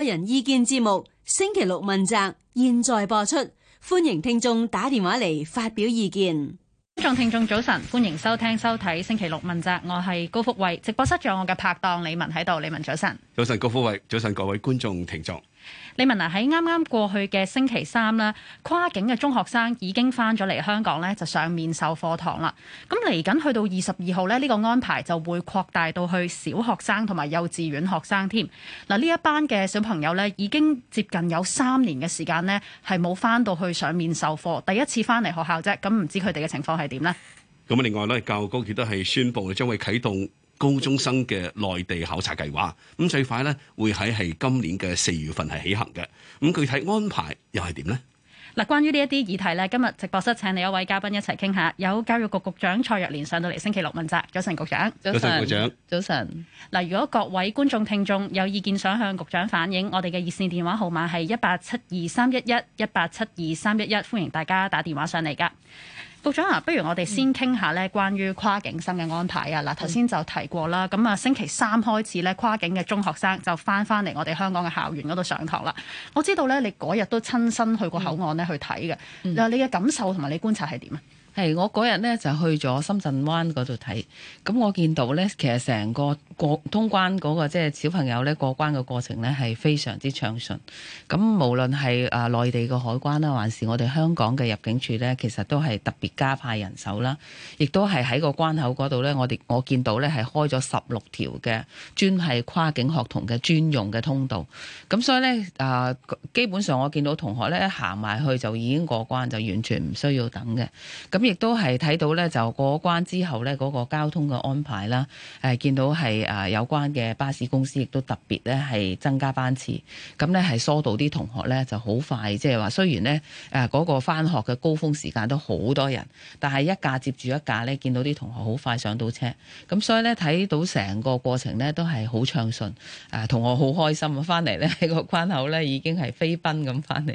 個人意見節目星期六問責，現在播出，歡迎聽眾打電話嚟發表意見。觀眾聽眾早晨，歡迎收聽收睇星期六問責，我係高福慧直播室，仲有我嘅拍檔李文喺度。李文早晨。早晨高福慧，早晨各位觀眾聽眾。李文娜喺啱啱過去嘅星期三啦，跨境嘅中學生已經翻咗嚟香港咧，就上面授課堂啦。咁嚟緊去到二十二號咧，呢個安排就會擴大到去小學生同埋幼稚園學生添。嗱，呢一班嘅小朋友咧，已經接近有三年嘅時間呢，係冇翻到去上面授課，第一次翻嚟學校啫。咁唔知佢哋嘅情況係點呢？咁另外咧，教育局亦都係宣布將會啟動高中生嘅內地考察計劃，咁最快呢會喺係今年嘅四月份係起行嘅。咁具體安排又係點呢？嗱，關於呢一啲議題呢，今日直播室請嚟一位嘉賓一齊傾下，有教育局局長蔡若蓮上到嚟星期六問責。早晨，局長。早晨，局長。早晨。嗱，如果各位觀眾聽眾有意見想向局長反映，我哋嘅熱線電話號碼係一八七二三一一一八七二三一一，歡迎大家打電話上嚟噶。局長啊，不如我哋先傾下咧，關於跨境生嘅安排啊。嗱，頭先就提過啦，咁啊，星期三開始咧，跨境嘅中學生就返返嚟我哋香港嘅校園嗰度上堂啦。我知道咧，你嗰日都親身去過口岸咧去睇嘅，嗱，你嘅感受同埋你觀察係點啊？係，我嗰日咧就去咗深圳灣嗰度睇，咁我見到咧，其實成個過通關嗰個即係小朋友咧過關嘅過程咧係非常之暢順。咁無論係啊內地嘅海關啦，還是我哋香港嘅入境處咧，其實都係特別加派人手啦，亦都係喺個關口嗰度咧，我哋我見到咧係開咗十六條嘅專係跨境學童嘅專用嘅通道。咁所以咧啊基本上我見到同學咧行埋去就已經過關，就完全唔需要等嘅。咁咁亦都係睇到咧，就過關之後咧，嗰個交通嘅安排啦，誒，見到係誒有關嘅巴士公司亦都特別咧，係增加班次，咁咧係疏導啲同學咧就好快，即係話雖然咧誒嗰個翻學嘅高峰時間都好多人，但係一架接住一架咧，見到啲同學好快上到車，咁所以咧睇到成個過程咧都係好暢順，誒，同學好開心啊，翻嚟咧個關口咧已經係飛奔咁翻嚟。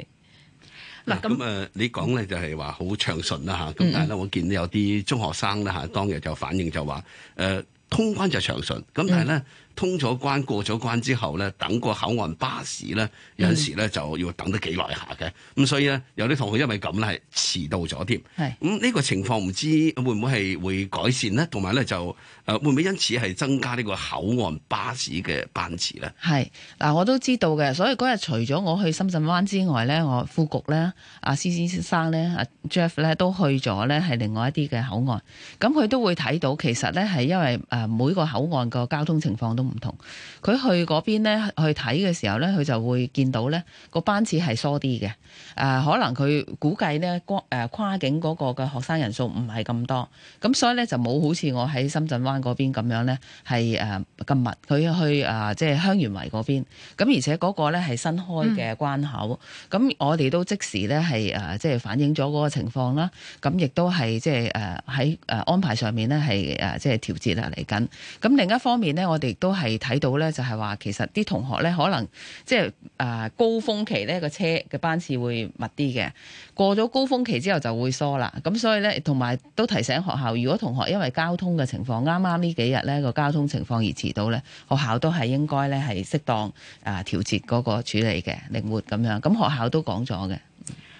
嗱咁誒，你講咧就係話好暢順啦嚇，咁、嗯、但係咧我見咧有啲中學生咧嚇當日就反應就話誒通關就暢順咁但係咧。嗯通咗關過咗關之後咧，等個口岸巴士咧，有陣時咧就要等得幾耐下嘅。咁、嗯、所以咧，有啲同學因為咁咧係遲到咗添。係咁呢個情況唔知會唔會係會改善咧？同埋咧就誒、啊、會唔會因此係增加呢個口岸巴士嘅班次咧？係嗱，我都知道嘅。所以嗰日除咗我去深圳灣之外咧，我副局咧阿施先生咧阿、啊、Jeff 咧都去咗咧，係另外一啲嘅口岸。咁佢都會睇到，其實咧係因為誒每個口岸個交通情況都。唔同，佢去嗰邊咧去睇嘅時候咧，佢就會見到咧，個班次係疏啲嘅。誒、呃，可能佢估計咧，誒跨境嗰個嘅學生人數唔係咁多，咁所以咧就冇好似我喺深圳灣嗰邊咁樣咧，係誒咁密。佢去誒即係香園圍嗰邊，咁而且嗰個咧係新開嘅關口。咁、嗯、我哋都即時咧係誒即係反映咗嗰個情況啦。咁亦都係即係誒喺誒安排上面咧係誒即係調節啊嚟緊。咁、就是、另一方面咧，我哋亦都。都係睇到呢，就係話其實啲同學呢，可能即係誒高峰期呢個車嘅班次會密啲嘅，過咗高峰期之後就會疏啦。咁所以呢，同埋都提醒學校，如果同學因為交通嘅情況，啱啱呢幾日呢個交通情況而遲到呢，學校都係應該呢係適當誒調節嗰個處理嘅，靈活咁樣。咁學校都講咗嘅。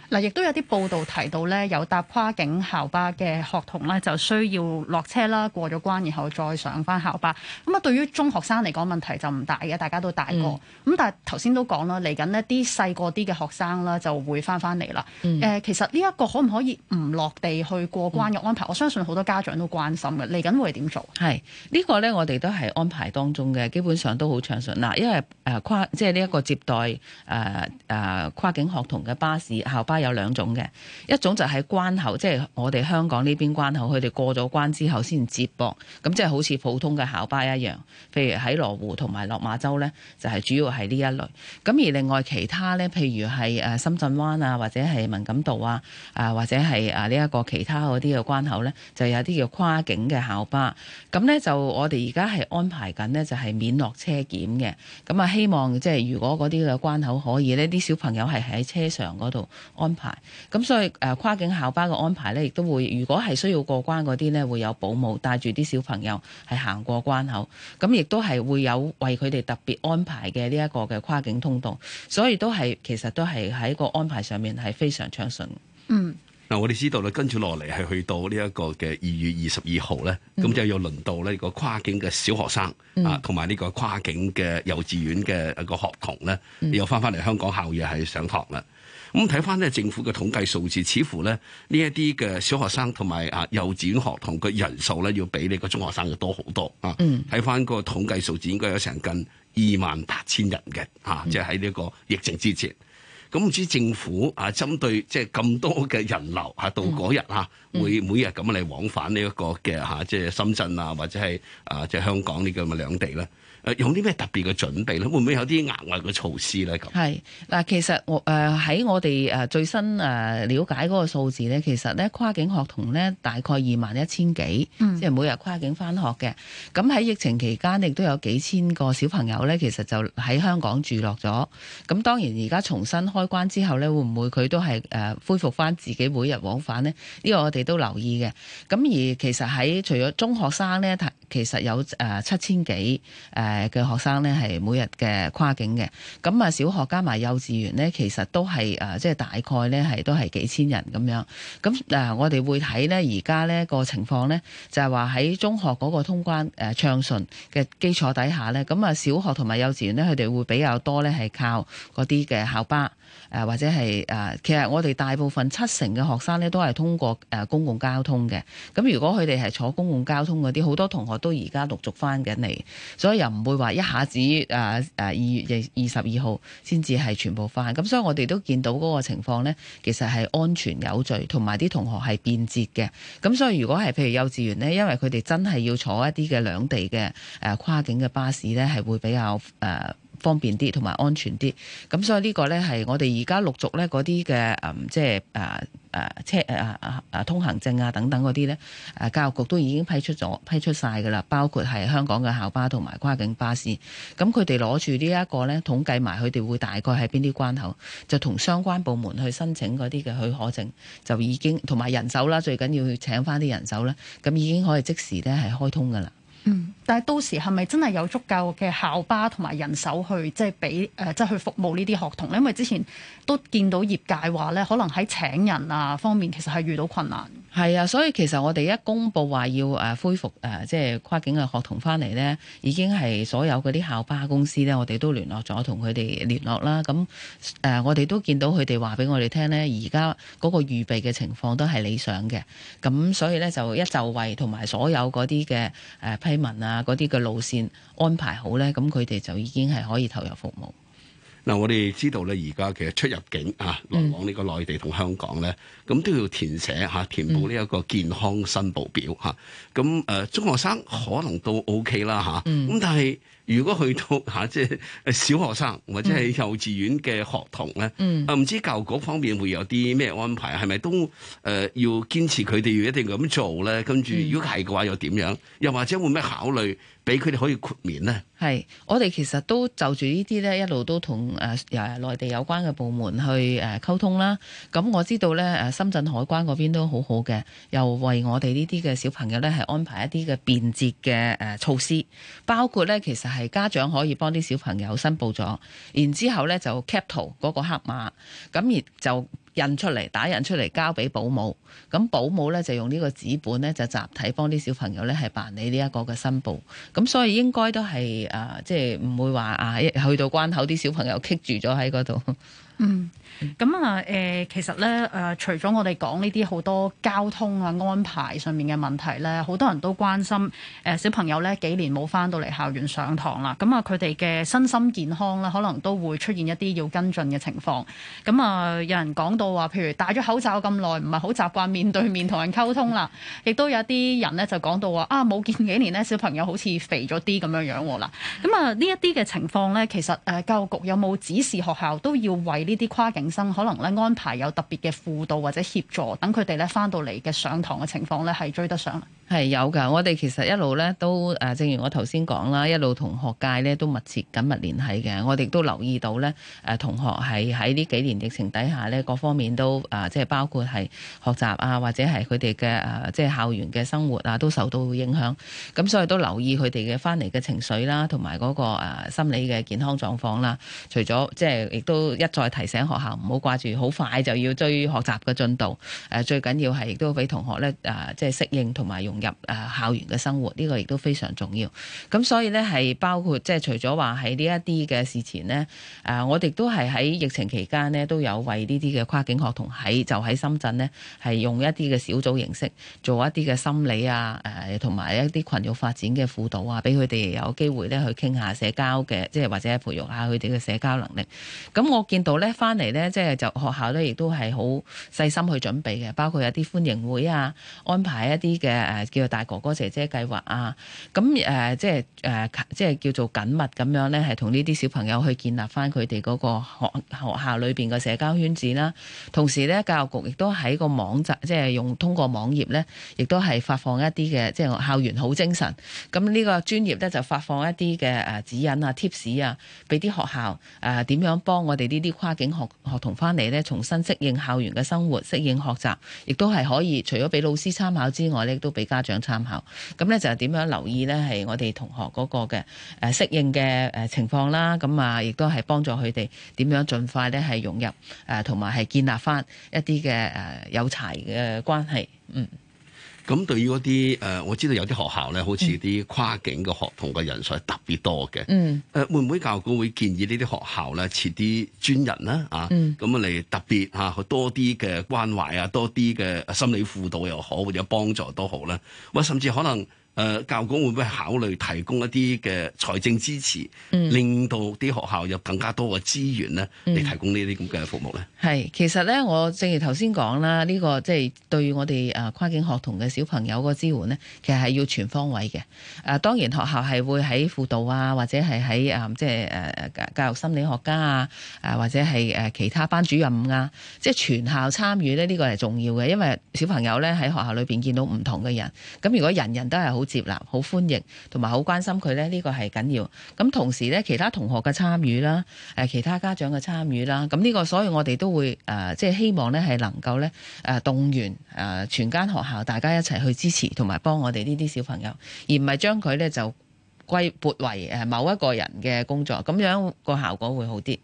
嗱，亦都有啲報道提到咧，有搭跨境校巴嘅學童咧，就需要落車啦，過咗關，然後再上翻校巴。咁啊，對於中學生嚟講，問題就唔大嘅，大家都大個。咁、嗯、但係頭先都講啦，嚟緊呢啲細個啲嘅學生啦，就會翻翻嚟啦。誒、嗯，其實呢一個可唔可以唔落地去過關嘅安排，我相信好多家長都關心嘅。嚟緊會點做？係呢、呢個咧，我哋都係安排當中嘅，基本上都好暢順啦。因為誒、呃、跨即係呢一個接待誒誒、呃、跨境學童嘅巴士校巴。有兩種嘅，一種就喺關口，即係我哋香港呢邊關口，佢哋過咗關之後先接駁，咁即係好似普通嘅校巴一樣，譬如喺羅湖同埋落馬洲咧，就係主要係呢一類。咁而另外其他咧，譬如係誒深圳灣啊，或者係文錦渡啊，啊或者係啊呢一個其他嗰啲嘅關口咧，就有啲叫跨境嘅校巴。咁咧就我哋而家係安排緊咧，就係免落車檢嘅。咁啊，希望即係如果嗰啲嘅關口可以咧，啲小朋友係喺車上嗰度，安排。咁所以誒、呃、跨境校巴嘅安排呢，亦都會如果係需要過關嗰啲呢，會有保姆帶住啲小朋友係行過關口，咁亦都係會有為佢哋特別安排嘅呢一個嘅跨境通道，所以都係其實都係喺個安排上面係非常暢順。嗯，嗱、嗯、我哋知道啦，跟住落嚟係去到呢一個嘅二月二十二號呢，咁就要輪到呢個跨境嘅小學生、嗯、啊，同埋呢個跨境嘅幼稚園嘅一個學童咧，嗯、又返返嚟香港校園係上堂啦。咁睇翻咧政府嘅統計數字，似乎咧呢一啲嘅小學生同埋啊幼稚園學童嘅人數咧，要比呢個中學生嘅多好多啊！睇翻，嗯、個統計數字應該有成近二萬八千人嘅嚇，即係喺呢個疫情之前。咁唔知政府啊針對即係咁多嘅人流嚇到嗰日啊，會每日咁嚟往返呢一個嘅嚇，即係深圳啊或者係啊即係香港呢個咁嘅兩地咧？用啲咩特別嘅準備咧？會唔會有啲額外嘅措施咧？咁係嗱，其實我喺我哋最新了解嗰個數字咧，其實咧跨境學童咧大概二萬一千幾，即係、嗯、每日跨境翻學嘅。咁喺疫情期間，亦都有幾千個小朋友咧，其實就喺香港住落咗。咁當然而家重新開關之後咧，會唔會佢都係恢復翻自己每日往返咧？呢、呢個我哋都留意嘅。咁而其實喺除咗中學生咧，其實有七千幾誒嘅學生咧係每日嘅跨境嘅，咁啊小學加埋幼稚園咧，其實都係誒即係大概咧係都係幾千人咁樣。咁啊，我哋會睇咧而家咧個情況咧，就係話喺中學嗰個通關誒暢順嘅基礎底下咧，咁啊小學同埋幼稚園咧，佢哋會比較多咧係靠嗰啲嘅校巴。誒或者係誒，其實我哋大部分七成嘅學生咧都係通過誒公共交通嘅。咁如果佢哋係坐公共交通嗰啲，好多同學都而家陸續翻緊嚟，所以又唔會話一下子誒誒二月二十二號先至係全部翻。咁所以我哋都見到嗰個情況咧，其實係安全有序，同埋啲同學係便捷嘅。咁所以如果係譬如幼稚園咧，因為佢哋真係要坐一啲嘅兩地嘅誒、啊、跨境嘅巴士咧，係會比較誒。啊方便啲同埋安全啲，咁所以呢個呢，係我哋而家陸續呢嗰啲嘅即係誒誒車誒、啊、通行證啊等等嗰啲呢，誒教育局都已經批出咗批出晒㗎喇，包括係香港嘅校巴同埋跨境巴士，咁佢哋攞住呢一個呢，統計埋，佢哋會大概喺邊啲關口，就同相關部門去申請嗰啲嘅許可證，就已經同埋人手啦，最緊要請翻啲人手啦，咁已經可以即時呢係開通㗎喇。嗯，但係到時係咪真係有足夠嘅校巴同埋人手去即係俾誒即係去服務呢啲學童咧？因為之前都見到業界話咧，可能喺請人啊方面其實係遇到困難。係啊，所以其實我哋一公佈話要誒恢復誒、呃、即係跨境嘅學童返嚟咧，已經係所有嗰啲校巴公司咧，我哋都聯絡咗同佢哋聯絡啦。咁誒、嗯，我哋都見到佢哋話俾我哋聽咧，而家嗰個預備嘅情況都係理想嘅。咁所以咧就一就位同埋所有嗰啲嘅誒市民啊，嗰啲嘅路線安排好咧，咁佢哋就已經係可以投入服務。嗱、啊，我哋知道咧，而家其實出入境啊，來往呢個內地同香港咧，咁、啊、都要填寫吓、啊，填補呢一個健康申報表吓。咁、啊、誒、啊，中學生可能都 OK 啦吓，咁、啊啊嗯、但係。如果去到吓即係小學生或者係幼稚園嘅學童咧，嗯，啊唔知道教育局方面會有啲咩安排？係咪、嗯、都誒、呃、要堅持佢哋要一定咁做咧？跟住如果係嘅話又點樣又或者會咩考慮俾佢哋可以豁免咧？係我哋其實都就住呢啲咧，一路都同誒誒內地有關嘅部門去誒溝通啦。咁、嗯、我知道咧，誒深圳海關嗰邊都好好嘅，又為我哋呢啲嘅小朋友咧係安排一啲嘅便捷嘅誒、呃、措施，包括咧其實。係家長可以幫啲小朋友申報咗，然之後咧就 cap 圖嗰個黑碼，咁而就印出嚟，打印出嚟交俾保姆。咁保姆咧就用這個呢個紙本咧就集體幫啲小朋友咧係辦理呢一個嘅申報。咁所以應該都係誒，即係唔會話啊，去到關口啲小朋友棘住咗喺嗰度。嗯。咁啊，誒、嗯呃，其實咧，誒、呃，除咗我哋講呢啲好多交通啊安排上面嘅問題咧，好多人都關心誒、呃、小朋友咧幾年冇翻到嚟校園上堂啦，咁啊，佢哋嘅身心健康啦，可能都會出現一啲要跟進嘅情況，咁啊、呃，有人講到話譬如戴咗口罩咁耐，唔係好習慣面對面同人溝通啦，亦 都有啲人咧就講到話啊，冇見幾年咧，小朋友好似肥咗啲咁樣樣喎啦。咁啊，這些呢一啲嘅情況咧，其實誒教育局有冇指示學校都要為呢啲跨？警生可能咧，安排有特別嘅輔導或者協助，等佢哋咧翻到嚟嘅上堂嘅情況咧係追得上。係有噶，我哋其實一路咧都誒，正如我頭先講啦，一路同學界咧都密切緊密聯繫嘅。我哋都留意到咧誒，同學係喺呢幾年疫情底下咧，各方面都誒，即係包括係學習啊，或者係佢哋嘅誒，即係校園嘅生活啊，都受到影響。咁所以都留意佢哋嘅翻嚟嘅情緒啦，同埋嗰個心理嘅健康狀況啦。除咗即係亦都一再提醒學校唔好掛住好快就要追學習嘅進度，誒最緊要係亦都俾同學咧誒，即係適應同埋用入誒校園嘅生活呢個亦都非常重要，咁所以呢，係包括即係除咗話喺呢一啲嘅事前呢，誒我哋都係喺疫情期間呢，都有為呢啲嘅跨境學童喺就喺深圳呢，係用一啲嘅小組形式做一啲嘅心理啊誒同埋一啲群育發展嘅輔導啊，俾佢哋有機會呢去傾下社交嘅，即係或者培育下佢哋嘅社交能力。咁我見到呢翻嚟呢，即係就學校呢，亦都係好細心去準備嘅，包括有啲歡迎會啊，安排一啲嘅誒。叫大哥哥姐姐計劃啊，咁誒即係誒即係叫做緊密咁樣咧，係同呢啲小朋友去建立翻佢哋嗰個學學校裏邊嘅社交圈子啦。同時咧，教育局亦都喺個網站，即係用通過網頁咧，亦都係發放一啲嘅即係校園好精神。咁呢個專業咧就發放一啲嘅誒指引啊、貼士啊，俾啲學校誒點、呃、樣幫我哋呢啲跨境學學童翻嚟咧重新適應校園嘅生活、適應學習，亦都係可以除咗俾老師參考之外咧，都比較，家長參考咁咧就係點樣留意咧？係我哋同學嗰個嘅誒適應嘅誒情況啦。咁啊，亦都係幫助佢哋點樣盡快咧係融入誒同埋係建立翻一啲嘅誒友儕嘅關係。嗯。咁對於嗰啲誒，我知道有啲學校咧，好似啲跨境嘅學童嘅人數係特別多嘅。嗯，誒會唔會教育局會建議呢啲學校咧設啲專人啦、嗯、啊？嗯，咁啊嚟特別吓去多啲嘅關懷啊，多啲嘅心理輔導又好，或者幫助都好呢？或者甚至可能。誒教育局會唔會考慮提供一啲嘅財政支持，令到啲學校有更加多嘅資源咧，嚟提供呢啲咁嘅服務咧？係、嗯嗯、其實咧，我正如頭先講啦，呢、這個即係對我哋誒跨境學童嘅小朋友個支援咧，其實係要全方位嘅。誒當然學校係會，喺輔導啊，或者係喺誒即係誒教育心理學家啊，誒或者係誒其他班主任啊，即、就、係、是、全校參與咧，呢、這個係重要嘅，因為小朋友咧喺學校裏邊見到唔同嘅人，咁如果人人都係好。接納好歡迎，同埋好關心佢咧，呢、這個係緊要。咁同時咧，其他同學嘅參與啦，誒，其他家長嘅參與啦，咁、這、呢個，所以我哋都會誒、呃，即係希望咧係能夠咧誒動員、呃、誒全間學校大家一齊去支持同埋幫我哋呢啲小朋友，而唔係將佢咧就歸撥為誒某一個人嘅工作，咁樣個效果會好啲。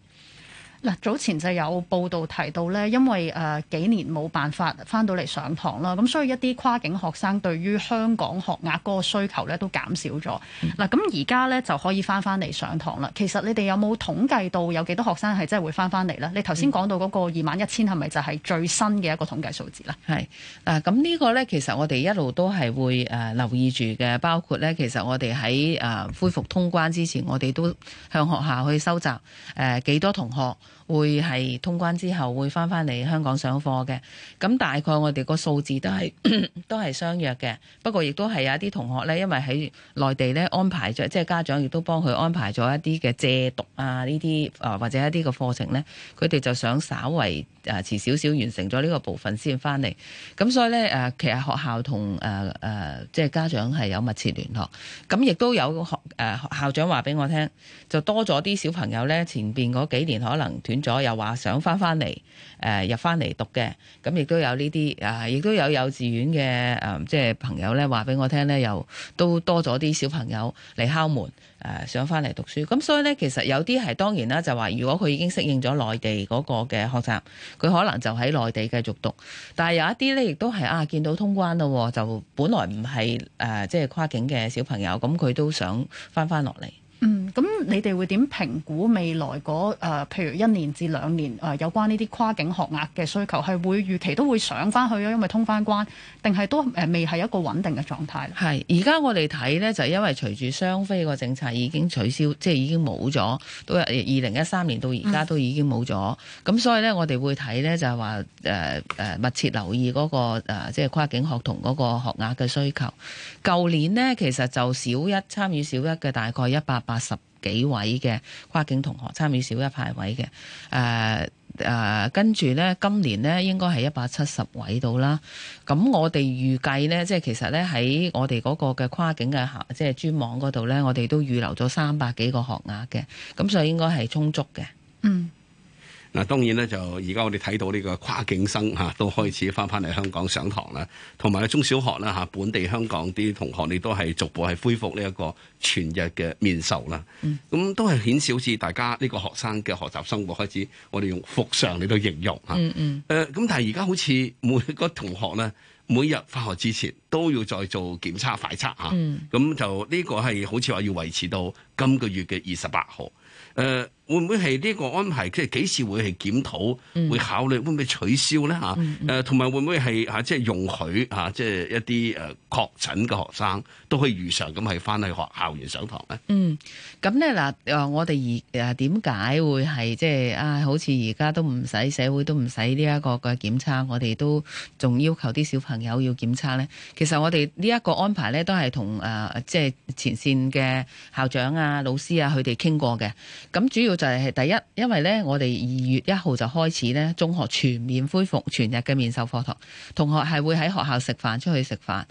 嗱，早前就有報道提到咧，因為誒、呃、幾年冇辦法翻到嚟上堂啦，咁所以一啲跨境學生對於香港學額嗰個需求咧都減少咗。嗱、嗯，咁而家咧就可以翻翻嚟上堂啦。其實你哋有冇統計到有幾多學生係真係會翻翻嚟咧？你頭先講到嗰個二萬一千係咪就係最新嘅一個統計數字咧？係嗱，咁、啊、呢、這個咧其實我哋一路都係會誒留意住嘅，包括咧其實我哋喺誒恢復通關之前，我哋都向學校去收集誒、啊、幾多同學。會係通關之後會返返嚟香港上課嘅，咁大概我哋個數字都係 都係相若嘅，不過亦都係有一啲同學呢，因為喺內地呢安排咗，即係家長亦都幫佢安排咗一啲嘅借讀啊呢啲啊或者一啲嘅課程呢，佢哋就想稍為誒遲少少完成咗呢個部分先返嚟，咁所以呢、啊，其實學校同誒、啊啊、即係家長係有密切聯絡，咁亦都有學、啊、校長話俾我聽，就多咗啲小朋友呢，前面嗰幾年可能斷。咗又話想翻翻嚟，誒入翻嚟讀嘅，咁亦都有呢啲，誒亦都有幼稚園嘅誒，即係朋友咧話俾我聽咧，又都多咗啲小朋友嚟敲門，誒想翻嚟讀書，咁所以咧其實有啲係當然啦，就話如果佢已經適應咗內地嗰個嘅學習，佢可能就喺內地繼續讀，但係有一啲咧亦都係啊見到通關喎，就本來唔係誒即係跨境嘅小朋友，咁佢都想翻翻落嚟。嗯，咁你哋會點評估未來嗰、呃、譬如一年至兩年誒、呃、有關呢啲跨境學額嘅需求係會預期都會上翻去咯，因為通翻關定係都誒未係一個穩定嘅狀態。係係而家我哋睇咧就因為隨住雙非個政策已經取消，即係已經冇咗，都二零一三年到而家都已經冇咗，咁、嗯、所以咧我哋會睇咧就係話誒誒密切留意嗰、嗰個、呃、即係跨境學童嗰個學額嘅需求。舊年咧其實就小一參與小一嘅大概一百百。八十幾位嘅跨境同學參與小一派位嘅，誒誒，跟住呢，今年呢應該係一百七十位到啦。咁我哋預計呢，即係其實呢喺我哋嗰個嘅跨境嘅即係專網嗰度呢，我哋都預留咗三百幾個學額嘅，咁所以應該係充足嘅。嗯。嗱，當然咧就而家我哋睇到呢個跨境生嚇都開始返返嚟香港上堂啦，同埋中小學啦嚇本地香港啲同學，你都係逐步係恢復呢一個全日嘅面授啦。嗯，咁都係顯示好似大家呢個學生嘅學習生活開始，我哋用復常你都形容嚇。嗯嗯。誒、啊，咁但係而家好似每個同學咧，每日返學之前都要再做檢測快測嚇。咁、啊嗯、就呢個係好似話要維持到今個月嘅二十八號。誒、啊。會唔會係呢個安排？即係幾時會係檢討？會考慮會唔會取消咧？吓、嗯，誒、啊，同埋會唔會係吓、啊？即係容許吓、啊？即係一啲誒確診嘅學生都可以如常咁係返去學校園上堂咧？嗯，咁咧嗱，誒、就是，我哋而誒點解會係即係啊？好似而家都唔使社會都唔使呢一個嘅檢測，我哋都仲要求啲小朋友要檢測咧。其實我哋呢一個安排咧，都係同誒即係前線嘅校長啊、老師啊，佢哋傾過嘅。咁主要。就係第一，因為咧，我哋二月一號就開始咧，中學全面恢復全日嘅面授課堂，同學係會喺學校食飯、出去食飯，誒，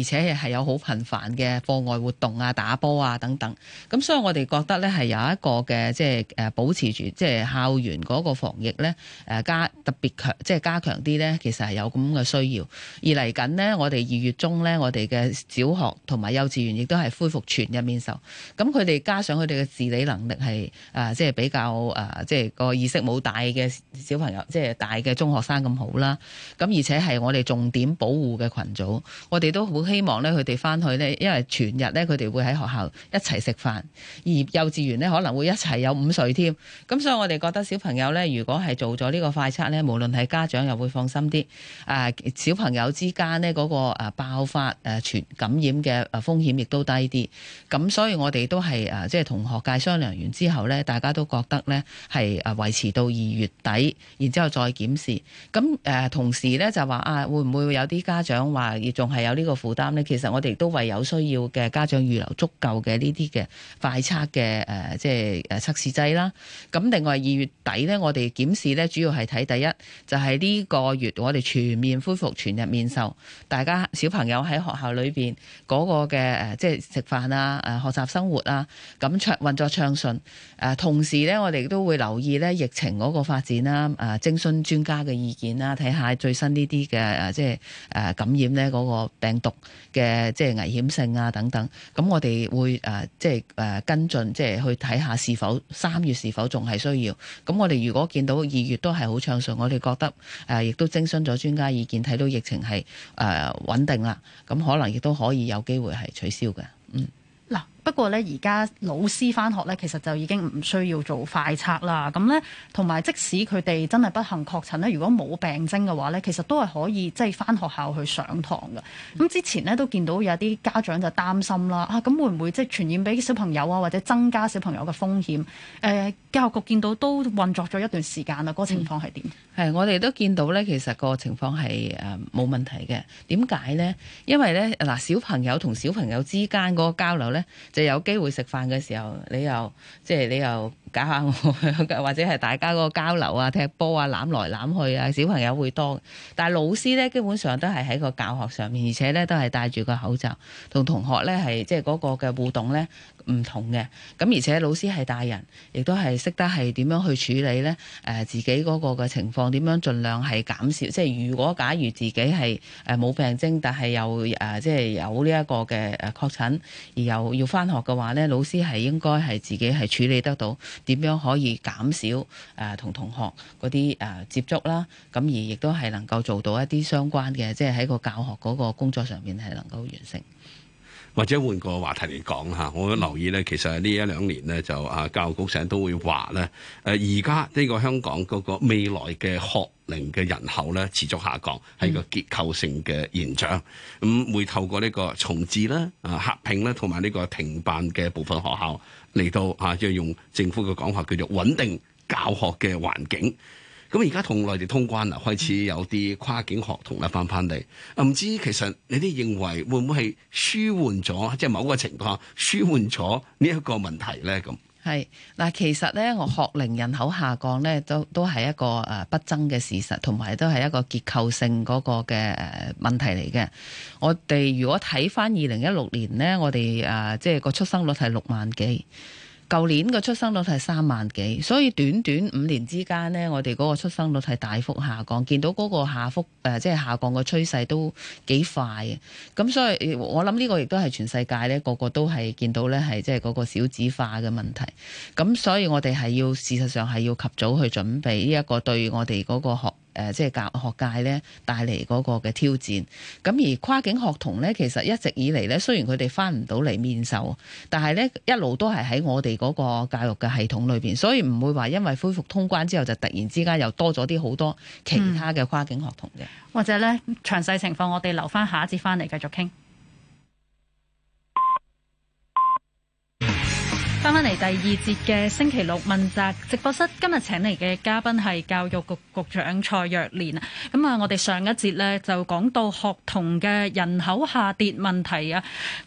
而且係有好頻繁嘅課外活動啊、打波啊等等。咁所以我哋覺得咧，係有一個嘅即係誒保持住，即係校園嗰個防疫咧誒加特別強，即係加強啲咧，其實係有咁嘅需要。而嚟緊呢，我哋二月中咧，我哋嘅小學同埋幼稚園亦都係恢復全日面授，咁佢哋加上佢哋嘅自理能力係誒。呃即係比較誒、啊、即係個意識冇大嘅小朋友，即係大嘅中學生咁好啦。咁而且係我哋重點保護嘅群組，我哋都好希望咧，佢哋翻去咧，因為全日咧佢哋會喺學校一齊食飯，而幼稚園咧可能會一齊有午睡添。咁所以我哋覺得小朋友咧，如果係做咗呢個快測咧，無論係家長又會放心啲，誒、啊、小朋友之間咧嗰個誒爆發誒傳、啊、感染嘅誒風險亦都低啲。咁所以我哋都係誒、啊、即係同學界商量完之後咧，大家。都覺得咧係誒維持到二月底，然之後再檢視。咁誒同時咧就話啊，會唔會有啲家長話亦仲係有呢個負擔咧？其實我哋都為有需要嘅家長預留足夠嘅呢啲嘅快測嘅誒即係誒測試劑啦。咁另外二月底咧，我哋檢視咧，主要係睇，第一就係呢個月我哋全面恢復全日面授，大家小朋友喺學校裏邊嗰個嘅誒即係食飯啊、誒學習生活啊，咁暢運作暢順誒同。同時咧，我哋亦都會留意咧疫情嗰個發展啦，誒徵詢專家嘅意見啦，睇下最新呢啲嘅誒即係誒感染咧嗰個病毒嘅即係危險性啊等等。咁我哋會誒即係誒跟進，即係去睇下是否三月是否仲係需要。咁我哋如果見到二月都係好暢順，我哋覺得誒亦都徵詢咗專家意見，睇到疫情係誒穩定啦，咁可能亦都可以有機會係取消嘅。嗯，嗱。不過咧，而家老師返學咧，其實就已經唔需要做快測啦。咁咧，同埋即使佢哋真係不幸確診咧，如果冇病徵嘅話咧，其實都係可以即係返學校去上堂嘅。咁、嗯、之前咧都見到有啲家長就擔心啦，啊咁會唔會即係傳染俾小朋友啊，或者增加小朋友嘅風險、呃？教育局見到都運作咗一段時間啦，嗰個情況係點？係、嗯、我哋都見到咧，其實個情況係冇問題嘅。點解咧？因為咧嗱，小朋友同小朋友之間嗰個交流咧。就有機會食飯嘅時候，你又即係、就是、你又搞下我，或者係大家嗰個交流啊、踢波啊、攬來攬去啊，小朋友會多。但係老師呢，基本上都係喺個教學上面，而且呢都係戴住個口罩，同同學呢，係即係嗰個嘅互動呢，唔同嘅，咁而且老師係大人，亦都係識得係點樣去處理咧？誒自己嗰個嘅情況點樣盡量係減少？即係如果假如自己係誒冇病徵，但係又誒即係有呢一個嘅誒確診，而又要翻學嘅話咧，老師係應該係自己係處理得到，點樣可以減少誒同同學嗰啲誒接觸啦？咁而亦都係能夠做到一啲相關嘅，即係喺個教學嗰個工作上面係能夠完成。或者換個話題嚟講嚇，我留意咧，其實呢一兩年咧就啊，教育局成日都會話咧，誒而家呢個香港嗰個未來嘅學齡嘅人口咧持續下降，係個結構性嘅現象，咁會透過呢個重置啦、啊合併啦，同埋呢個停辦嘅部分學校嚟到啊，即係用政府嘅講法叫做穩定教學嘅環境。咁而家同內地通關啦，開始有啲跨境學童咧翻返嚟，啊唔知其實你哋認為會唔會係舒緩咗，即係某個情況舒緩咗呢一個問題咧？咁係嗱，其實咧，我學齡人口下降咧，都都係一個誒不爭嘅事實，同埋都係一個結構性嗰個嘅誒問題嚟嘅。我哋如果睇翻二零一六年咧，我哋誒即係個出生率係六萬幾。舊年個出生率係三萬幾，所以短短五年之間呢，我哋嗰個出生率係大幅下降，見到嗰個下幅，誒，即係下降個趨勢都幾快嘅。咁所以，我諗呢個亦都係全世界呢個個都係見到呢係即係嗰個少子化嘅問題。咁所以我哋係要事實上係要及早去準備呢一個對我哋嗰個學誒，即係教學界咧，帶嚟嗰個嘅挑戰。咁而跨境學童咧，其實一直以嚟咧，雖然佢哋翻唔到嚟面授，但係咧一路都係喺我哋嗰個教育嘅系統裏邊，所以唔會話因為恢復通關之後就突然之間又多咗啲好多其他嘅跨境學童嘅、嗯。或者咧，詳細情況我哋留翻下一節翻嚟繼續傾。翻返嚟第二節嘅星期六問責直播室，今日請嚟嘅嘉賓係教育局局長蔡若蓮啊。咁啊，我哋上一節咧就講到學童嘅人口下跌問題啊。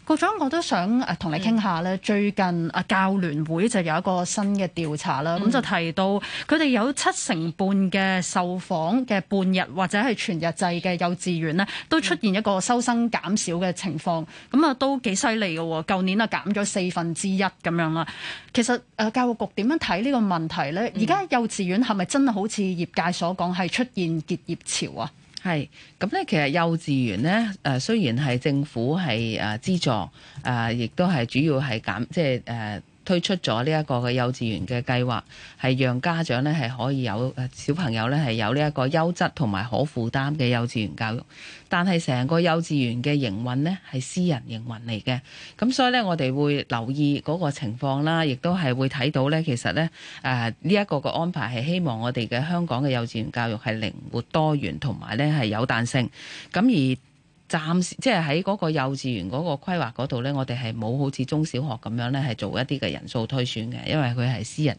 局長，我都想誒同你傾下咧，嗯、最近啊教聯會就有一個新嘅調查啦。咁、嗯、就提到佢哋有七成半嘅受訪嘅半日或者係全日制嘅幼稚園咧，都出現一個收生減少嘅情況，咁啊、嗯，都幾犀利嘅。舊年啊，減咗四分之一咁樣啦。其實誒，教育局點樣睇呢個問題呢？而家幼稚園係咪真係好似業界所講係出現結業潮啊？係咁呢。其實幼稚園呢，誒，雖然係政府係誒資助誒，亦、呃、都係主要係減即係誒。即係呃推出咗呢一個嘅幼稚園嘅計劃，係讓家長咧，係可以有小朋友咧，係有呢一個優質同埋可負擔嘅幼稚園教育，但係成個幼稚園嘅營運咧，係私人營運嚟嘅，咁所以咧我哋會留意嗰個情況啦，亦都係會睇到咧，其實咧，誒呢一個嘅安排係希望我哋嘅香港嘅幼稚園教育係靈活多元同埋咧，係有彈性，咁而。暫時即係喺嗰個幼稚園嗰個規劃嗰度呢，我哋係冇好似中小學咁樣呢係做一啲嘅人數推算嘅，因為佢係私人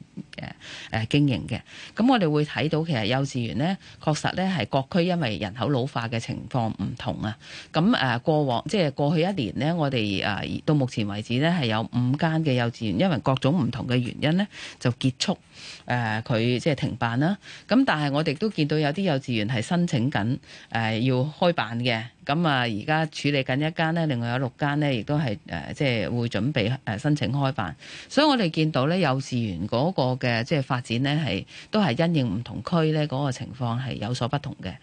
嘅誒經營嘅。咁我哋會睇到其實幼稚園呢確實呢係各區因為人口老化嘅情況唔同啊。咁誒過往即係過去一年呢，我哋誒到目前為止呢係有五間嘅幼稚園，因為各種唔同嘅原因呢就結束。誒，佢即係停辦啦。咁但係我哋都見到有啲幼稚園係申請緊，誒、呃、要開辦嘅。咁、呃、啊，而家處理緊一間咧，另外有六間咧，亦都係誒，即、呃、係、就是、會準備誒申請開辦。所以我哋見到咧，幼稚園嗰個嘅即係發展咧，係都係因應唔同區咧嗰個情況係有所不同嘅。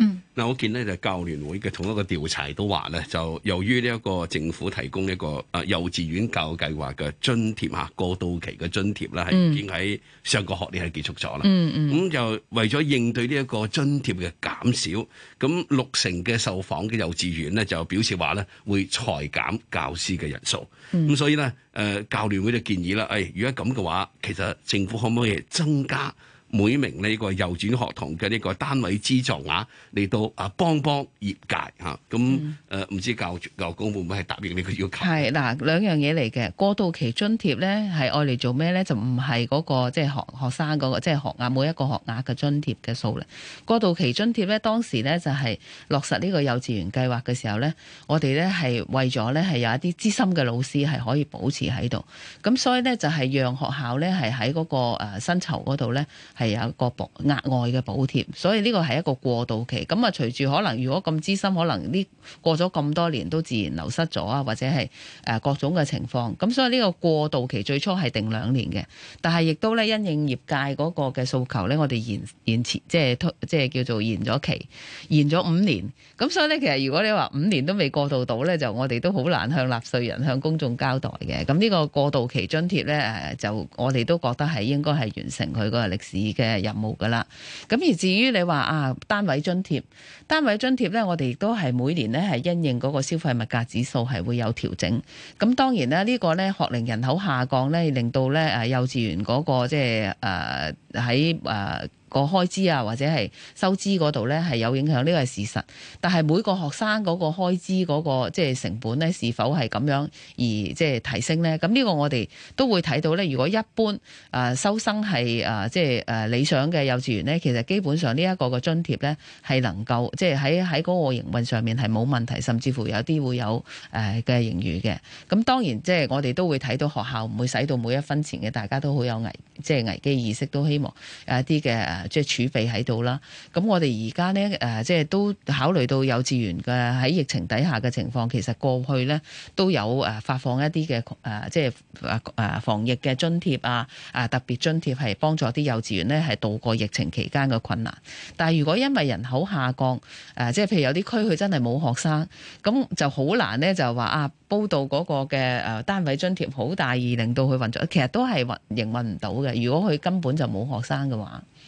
嗯，嗱，我見咧就教聯會嘅同一個調查都話咧，就由於呢一個政府提供一個誒幼稚園教育計劃嘅津貼啊，過渡期嘅津貼啦，係已經喺上個學年係結束咗啦、嗯。嗯嗯，咁就為咗應對呢一個津貼嘅減少，咁六成嘅受訪嘅幼稚園咧就表示話咧會裁減教師嘅人數。咁、嗯、所以咧，誒、呃，教聯會就建議啦，誒、哎，如果咁嘅話，其實政府可唔可以增加？每名呢個右轉學童嘅呢個單位資助額，啊，嚟到啊幫幫業界嚇，咁唔知教教工會唔會係答應呢個要求？係嗱，兩樣嘢嚟嘅。過渡期津貼咧係愛嚟做咩咧？就唔係嗰個即係，就是，學、學生嗰，那個即係，就是，學額每一個學額嘅津貼嘅數咧。過渡期津貼咧當時咧就係落實呢個幼稚園計劃嘅時候咧，我哋咧係為咗咧係有一啲資深嘅老師係可以保持喺度，咁所以咧就係讓學校咧係喺嗰個薪酬嗰度咧。係有一個補額外嘅補貼，所以呢個係一個過渡期。咁啊，隨住可能如果咁資深，可能呢過咗咁多年都自然流失咗啊，或者係誒各種嘅情況。咁所以呢個過渡期最初係定兩年嘅，但係亦都咧因應業界嗰個嘅訴求咧，我哋延延遲，即係即係叫做延咗期，延咗五年。咁所以咧，其實如果你話五年都未過渡到咧，就我哋都好難向納稅人向公眾交代嘅。咁呢個過渡期津貼咧，就我哋都覺得係應該係完成佢個歷史嘅任務噶啦，咁而至於你話啊，單位津貼，單位津貼咧，我哋亦都係每年咧係因應嗰個消費物價指數係會有調整。咁當然咧，這個、呢個咧，學齡人口下降咧，令到咧誒、呃、幼稚園嗰、那個即係誒喺誒。呃個開支啊，或者係收支嗰度咧，係有影響，呢個係事實。但係每個學生嗰個開支嗰個即係成本咧，是否係咁樣而即係提升咧？咁呢個我哋都會睇到咧。如果一般啊收生係啊即係誒理想嘅幼稚園咧，其實基本上呢一個嘅津貼咧係能夠即係喺喺嗰個營運上面係冇問題，甚至乎有啲會有誒嘅盈餘嘅。咁當然即係我哋都會睇到學校唔會使到每一分錢嘅，大家都好有危即係危機意識，都希望有一啲嘅。即係儲備喺度啦，咁我哋而家呢，誒、呃，即係都考慮到幼稚園嘅喺疫情底下嘅情況，其實過去呢，都有誒發放一啲嘅誒即係誒防疫嘅津貼啊，啊特別津貼係幫助啲幼稚園呢，係度過疫情期間嘅困難。但係如果因為人口下降誒、呃，即係譬如有啲區佢真係冇學生，咁就好難呢，就話啊，煲到嗰個嘅誒單位津貼好大意，令到佢運作，其實都係運營運唔到嘅。如果佢根本就冇學生嘅話。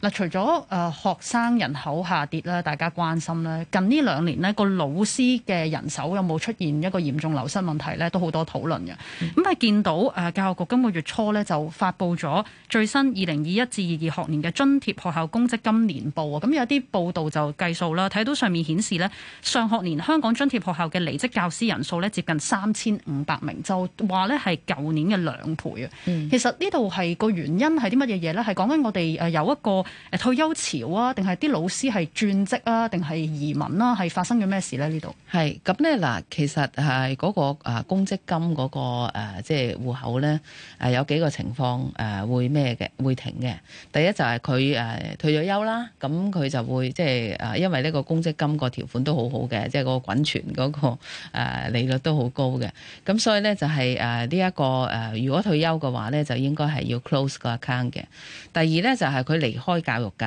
嗱，除咗誒學生人口下跌咧，大家關心咧，近呢兩年咧個老師嘅人手有冇出現一個嚴重流失問題咧，都好多討論嘅。咁啊、嗯，見到誒教育局今個月初咧就發布咗最新二零二一至二二學年嘅津貼學校公積金年報啊，咁有啲報道就計數啦，睇到上面顯示咧，上學年香港津貼學校嘅離職教師人數咧接近三千五百名，就話咧係舊年嘅兩倍啊。嗯、其實呢度係個原因係啲乜嘢嘢咧？係講緊我哋誒有一個。誒退休潮啊，定係啲老師係轉職啊，定係移民啦、啊，係發生咗咩事咧？呢度係咁咧，嗱，其實係嗰個公積金嗰個誒即係戶口咧誒有幾個情況誒會咩嘅會停嘅。第一就係佢誒退咗休啦，咁佢就會即係誒因為呢個公積金個條款都好好嘅，即係嗰個滾存嗰個利率都好高嘅。咁所以咧就係誒呢一個誒如果退休嘅話咧，就應該係要 close 個 account 嘅。第二咧就係佢離開。教育界，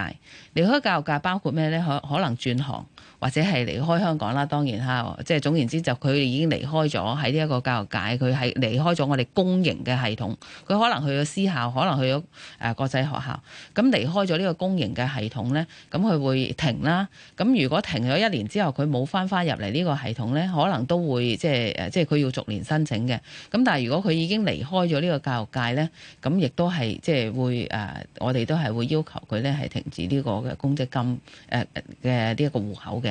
離開教育界包括咩咧？可可能轉行。或者係離開香港啦，當然嚇，即係總言之，就佢已經離開咗喺呢一個教育界，佢係離開咗我哋公營嘅系統。佢可能去咗私校，可能去咗誒國際學校。咁離開咗呢個公營嘅系統呢，咁佢會停啦。咁如果停咗一年之後，佢冇翻翻入嚟呢個系統呢，可能都會即係誒，即係佢要逐年申請嘅。咁但係如果佢已經離開咗呢個教育界呢，咁亦都係即係會誒，我哋都係會要求佢呢係停止呢個嘅公積金誒嘅呢一個戶口嘅。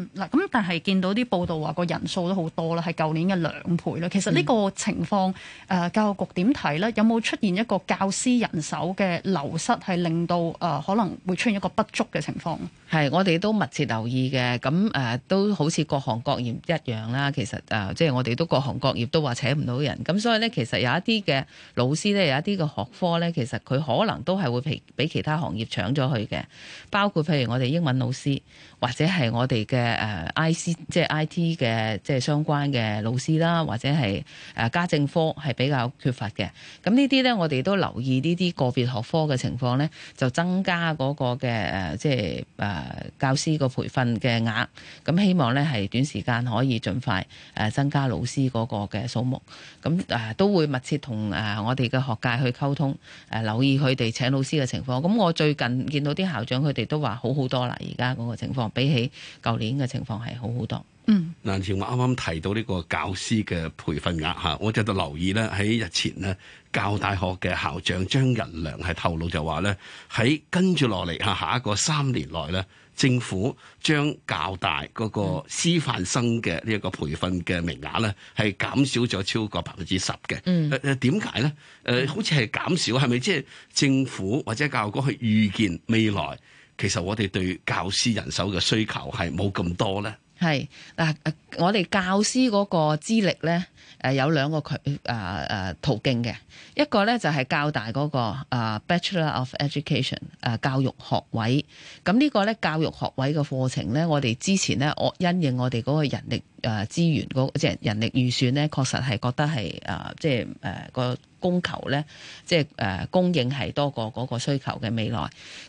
嗱咁，但係見到啲報道話個人數都好多啦，係舊年嘅兩倍啦。其實呢個情況，誒、嗯、教育局點睇咧？有冇出現一個教師人手嘅流失，係令到誒可能會出現一個不足嘅情況？係，我哋都密切留意嘅。咁誒都好似各行各業一樣啦。其實誒，即係我哋都各行各業都話請唔到人。咁所以咧，其實有一啲嘅老師咧，有一啲嘅學科咧，其實佢可能都係會被俾其他行業搶咗去嘅。包括譬如我哋英文老師，或者係我哋嘅。誒，I C 即係 I T 嘅即係相關嘅老師啦，或者係誒家政科係比較缺乏嘅。咁呢啲咧，我哋都留意呢啲個別學科嘅情況咧，就增加嗰個嘅誒即係誒教師個培訓嘅額。咁希望咧係短時間可以盡快誒增加老師嗰個嘅數目。咁誒都會密切同誒我哋嘅學界去溝通，誒留意佢哋請老師嘅情況。咁我最近見到啲校長佢哋都話好好多啦，而家嗰個情況比起舊年，嘅情況係好好多。嗯，難前我啱啱提到呢個教師嘅培訓額嚇，我就就留意咧喺日前咧，教大學嘅校長張仁良係透露就話咧，喺跟住落嚟嚇，下一個三年內咧，政府將教大嗰個師範生嘅呢一個培訓嘅名額咧，係減少咗超過百分之十嘅。的嗯，誒誒點解咧？誒、呃、好似係減少，係咪即係政府或者教育局去預見未來？其實我哋對教師人手嘅需求係冇咁多咧？係嗱、啊，我哋教師嗰個資歷咧。誒有兩個渠啊啊途徑嘅，一個咧就係較大嗰個 Bachelor of Education 誒教育學位，咁、這、呢個咧教育學位嘅課程咧，我哋之前咧我因應我哋嗰個人力啊資源即係人力預算咧，確實係覺得係啊即係誒個供求咧，即係誒、呃、供應係多過嗰個需求嘅未來。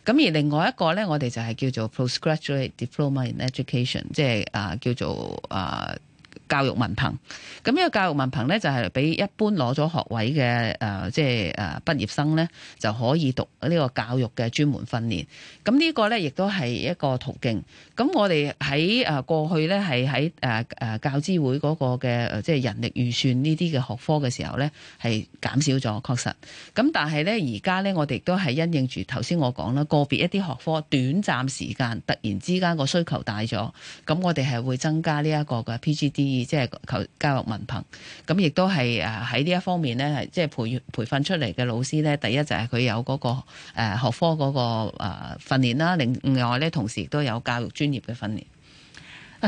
咁而另外一個咧，我哋就係叫做 Postgraduate Diploma in Education，即係啊、呃、叫做啊。呃教育文憑，咁、這、呢個教育文憑咧就係俾一般攞咗學位嘅，誒，即係誒畢業生咧就可以讀呢個教育嘅專門訓練。咁、這、呢個咧亦都係一個途徑。咁我哋喺誒過去咧係喺誒誒教資會嗰個嘅即係人力預算呢啲嘅學科嘅時候咧係減少咗，確實。咁但係咧而家咧我哋都係因應住頭先我講啦，個別一啲學科短暫時間突然之間個需求大咗，咁我哋係會增加呢一個嘅 PGD。即係求教育文憑，咁亦都係誒喺呢一方面咧，係即係培培訓出嚟嘅老師咧。第一就係佢有嗰個誒學科嗰個誒訓練啦，另另外咧同時亦都有教育專業嘅訓練。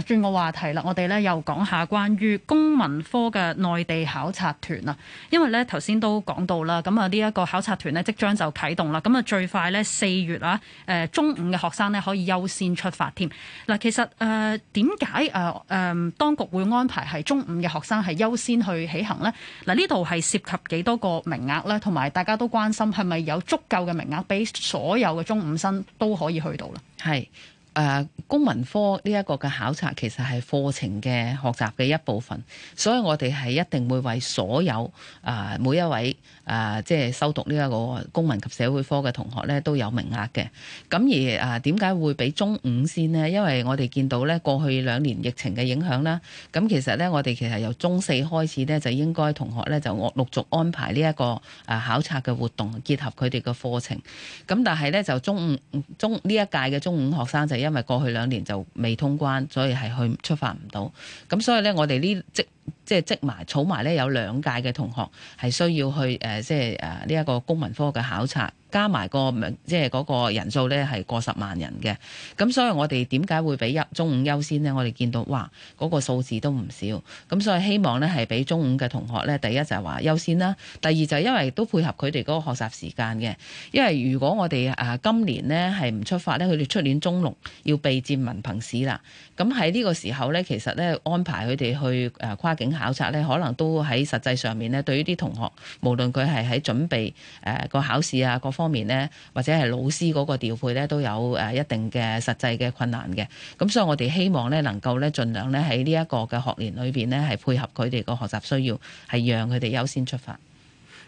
轉個話題啦，我哋咧又講下關於公民科嘅內地考察團啦。因為咧頭先都講到啦，咁啊呢一個考察團咧即將就啟動啦。咁啊最快咧四月啊，誒中五嘅學生咧可以優先出發添。嗱，其實誒點解誒誒當局會安排係中五嘅學生係優先去起行咧？嗱，呢度係涉及幾多個名額咧？同埋大家都關心係咪有足夠嘅名額俾所有嘅中五生都可以去到啦？係。誒公民科呢一個嘅考察其實係課程嘅學習嘅一部分，所以我哋係一定會為所有誒每一位誒即係修讀呢一個公民及社會科嘅同學咧都有名額嘅。咁而誒點解會俾中五先呢？因為我哋見到咧過去兩年疫情嘅影響啦，咁其實咧我哋其實由中四開始咧就應該同學咧就陸續安排呢一個誒考察嘅活動，結合佢哋嘅課程。咁但係咧就中五中呢一屆嘅中五學生就因為過去兩年就未通關，所以係去出發唔到。咁所以咧，我哋呢即。即係積埋、儲埋咧，有兩屆嘅同學係需要去誒，即係誒呢一個公民科嘅考察，加埋個即係嗰個人數咧係過十萬人嘅。咁所以我哋點解會俾中五優先呢？我哋見到哇，嗰、嗰個數字都唔少。咁所以希望咧係俾中五嘅同學咧，第一就係話優先啦，第二就係因為都配合佢哋嗰個學習時間嘅。因為如果我哋誒今年咧係唔出發咧，佢哋出年中六要備戰文憑試啦。咁喺呢個時候咧，其實咧安排佢哋去誒、呃警考察咧，可能都喺實際上面咧，對於啲同學，無論佢係喺準備誒個考試啊，各方面咧，或者係老師嗰個調配咧，都有誒一定嘅實際嘅困難嘅。咁所以我哋希望咧，能夠咧盡量咧喺呢一個嘅學年裏邊咧，係配合佢哋個學習需要，係讓佢哋優先出發。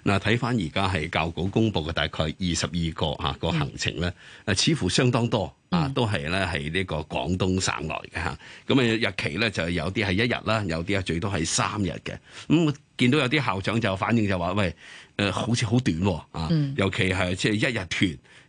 嗱，睇翻而家係教局公布嘅大概二十二個啊個行程咧，誒 Yeah. 似乎相當多啊，都係咧係呢個廣東省內嘅嚇。咁誒日期咧就有啲係一日啦，有啲啊最多係三日嘅。咁、嗯、見到有啲校長就反應就話：喂，誒好似好短喎啊！Yeah. 尤其係即係一日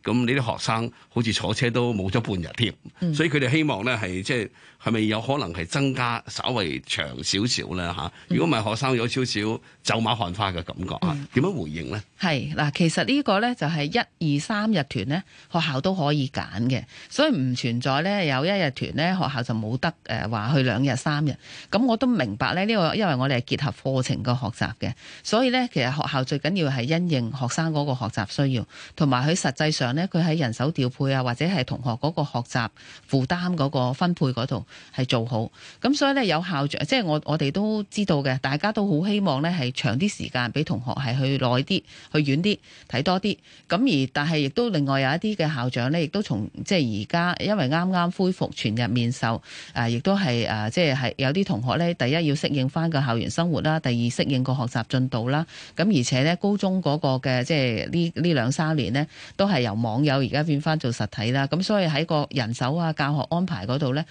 團，咁呢啲學生好似坐車都冇咗半日添。所以佢哋希望咧係即係。係咪有可能係增加稍微長少少咧嚇？如果唔係學生有少少走馬看花嘅感覺啊？點樣、嗯、回應呢？係嗱，其實呢個呢，就係一二三日團呢，學校都可以揀嘅，所以唔存在呢。有一日團呢，學校就冇得誒話去兩日三日。咁我都明白咧呢個，因為我哋係結合課程個學習嘅，所以呢，其實學校最緊要係因應學生嗰個學習需要，同埋佢實際上呢，佢喺人手調配啊，或者係同學嗰個學習負擔嗰個分配嗰度。係做好，咁所以咧有校長，即係我我哋都知道嘅，大家都好希望咧係長啲時間俾同學係去耐啲，去遠啲睇多啲。咁而但係亦都另外有一啲嘅校長咧，亦都從即係而家，因為啱啱恢復全日面授，誒、啊、亦都係誒、啊、即係係有啲同學咧，第一要適應翻個校園生活啦，第二要適應個學習進度啦。咁、啊、而且咧高中嗰個嘅即係呢呢兩三年咧，都係由網友而家變翻做實體啦。咁、啊、所以喺個人手啊、教學安排嗰度咧，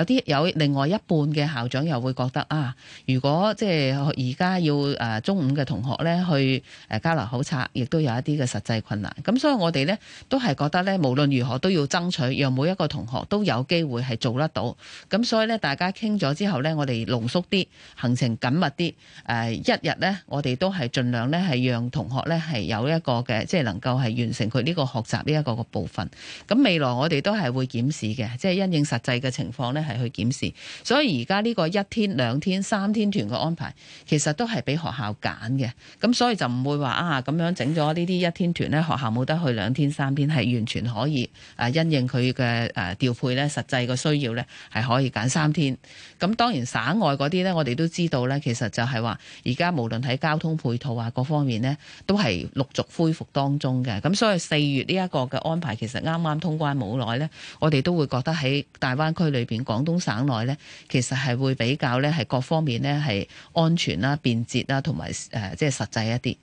有啲有另外一半嘅校長又會覺得啊，如果即係而家要誒中五嘅同學咧去誒交流考察，亦都有一啲嘅實際困難，咁所以我哋咧都係覺得咧，無論如何都要爭取，讓每一個同學都有機會係做得到。咁所以咧，大家傾咗之後咧，我哋濃縮啲行程緊密啲。誒一日咧，我哋都係盡量咧係讓同學咧係有一個嘅，即係能夠係完成佢呢個學習呢一個嘅部分。咁未來我哋都係會檢視嘅，即係因應實際嘅情況咧。係去檢視。所以而家呢個一天、兩天、三天團嘅安排，其實都係俾學校揀嘅，咁所以就唔會話啊，咁樣整咗呢啲一天團咧，學校冇得去兩天、三天係完全可以啊，因應佢嘅誒調配咧，實際嘅需要咧係可以揀三天。咁當然省外嗰啲咧，我哋都知道咧，其實就係話而家無論喺交通配套啊各方面咧，都係陸續恢復當中嘅。咁所以四月呢一個嘅安排，其實啱啱通關冇耐咧，我哋都會覺得喺大灣區裏邊講，廣東省內咧，其實係會比較咧，係各方面咧係安全啦、便捷啦，同埋誒即係實際一啲。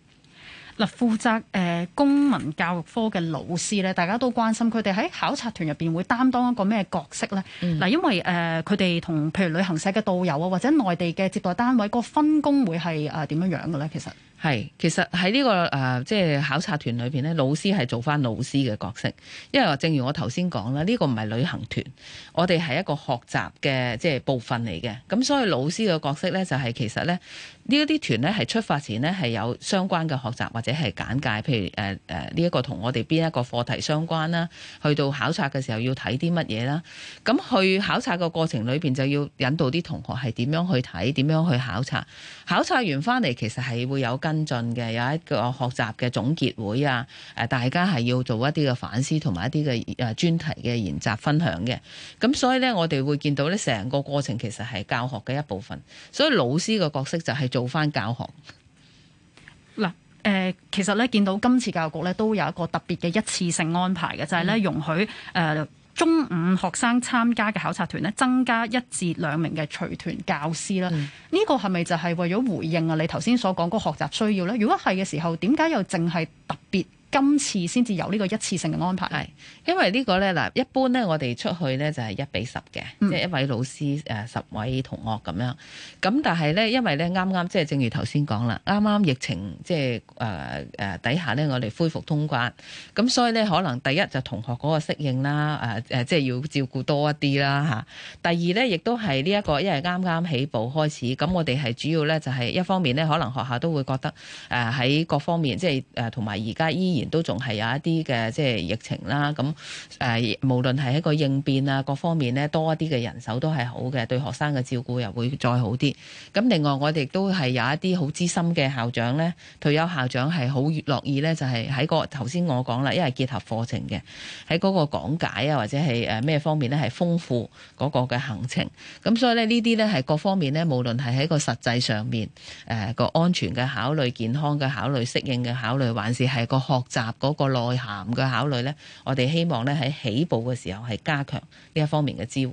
嗱、呃，負責誒公民教育科嘅老師咧，大家都關心，佢哋喺考察團入邊會擔當一個咩角色咧？嗱、嗯，因為誒佢哋同譬如旅行社嘅導遊啊，或者內地嘅接待單位，個分工會係誒點樣樣嘅咧？其實。係，其實喺呢、這個誒，即、呃、係、就是、考察團裏邊咧，老師係做返老師嘅角色，因為話正如我頭先講啦，呢、這個唔係旅行團，我哋係一個學習嘅即係部分嚟嘅，咁所以老師嘅角色咧就係、是、其實咧。呢一啲團呢，係出發前呢，係有相關嘅學習或者係簡介，譬如誒誒呢一個同我哋邊一個課題相關啦，去到考察嘅時候要睇啲乜嘢啦，咁去考察嘅過程裏邊，就要引導啲同學係點樣去睇，點樣去考察。考察完翻嚟其實係會有跟進嘅，有一個學習嘅總結會啊，誒大家係要做一啲嘅反思同埋一啲嘅誒專題嘅研習分享嘅。咁所以呢，我哋會見到呢成個過程其實係教學嘅一部分，所以老師嘅角色就係。做翻教學嗱，誒，其實咧見到今次教育局咧都有一個特別嘅一次性安排嘅，就係、是、咧容許誒中五學生參加嘅考察團咧增加一至兩名嘅隨團教師啦。呢個係咪就係為咗回應啊？你頭先所講個學習需要咧？如果係嘅時候，點解又淨係特別？今次先至有呢個一次性嘅安排，係因為呢個呢，嗱，一般呢，我哋出去呢就係一比十嘅，嗯、即係一位老師、呃、十位同學咁樣。咁但係呢，因為呢，啱啱即係正如頭先講啦，啱啱疫情即係、呃、底下呢，我哋恢復通關，咁所以呢，可能第一就、同學嗰個適應啦、呃，即係要照顧多一啲啦吓。第二呢，亦都係呢一個因為啱啱起步開始，咁我哋係主要呢，就係、是、一方面呢，可能學校都會覺得喺、呃、各方面即係同埋而家依然，都仲係有一啲嘅即係疫情啦，咁誒，無論係喺個應變啊各方面咧，多一啲嘅人手都係好嘅，對學生嘅照顧又會再好啲。咁另外我哋都係有一啲好資深嘅校長咧，退休校長係好樂意咧，就係、是、喺個頭先我講啦，因為結合課程嘅，喺嗰個講解啊或者係誒咩方面咧係豐富嗰個嘅行程。咁所以咧呢啲咧係各方面咧，無論係喺個實際上面誒、呃、個安全嘅考慮、健康嘅考慮、適應嘅考慮，還是係個學。集嗰個內涵嘅考慮咧，我哋希望咧喺起步嘅時候係加強呢一方面嘅支援。